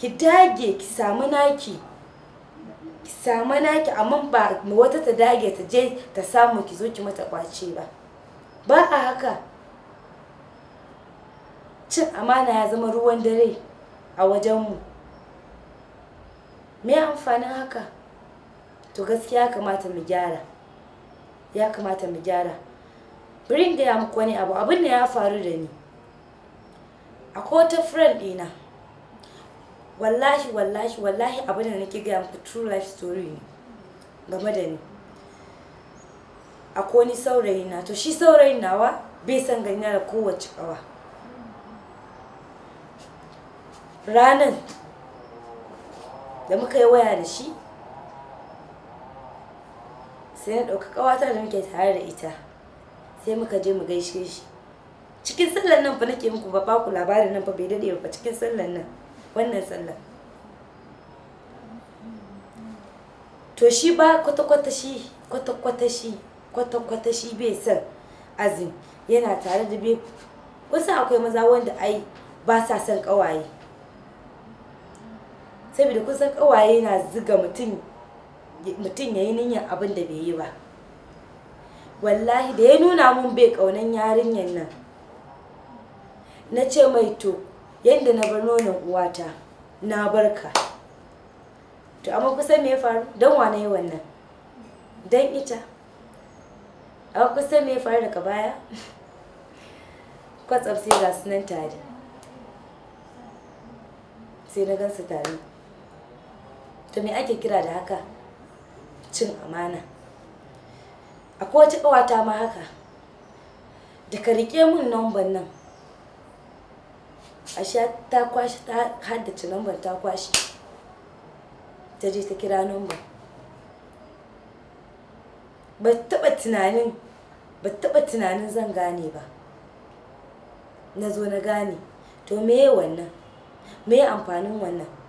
ki dage ki samu naki ki samu naki amma ba mu wata ta dage ta je ta samu ki zo ki mata kwace ba ba a haka cin amana ya zama ruwan dare a wajenmu me amfanin haka to gaskiya ya kamata mu gyara ya kamata mu gyara bring da ya muku wani abu abin da ya faru da ni akwai wata friend ɗina wallahi wallahi wallahi abin da nake gaya muku true life story ne game da ni a ni saurayi na to shi saurayin nawa bai san gani da kowace kawa ranan da muka yi waya da shi sai na ɗauka kawata da muke tare da ita sai muka je mu gaishe shi cikin sallan nan fa nake muku ba ku labarin nan fa bai dade ba cikin sallan nan wannan sallar to shi ba kwata-kwata shi kwata-kwata shi kwata-kwata shi bai san azin yana tare da bai kusan akwai maza wanda ai ba sa son kawaye saboda kusan kawaye na ziga mutum mutum ya yi niyyar abin da bai yi ba wallahi da ya nuna mun bai kaunan yarinyar nan na ce mai to yadda na bar nonon uwata na barka to amma kusan me ya faru dan wane wannan dan ita amma kusan me ya faru daga baya kwatsam sai ga sunan tare sai na su tare to me ake kira da haka cin amana akwai wata ƙawata ma haka da ka riƙe mun nomban nan ashe ta kwashi ta haddace lambar ta kwashi ta je ta kira lambar ba taɓa tunanin ba taba tunanin zan gane ba na zo na gane to meye wannan meye amfanin wannan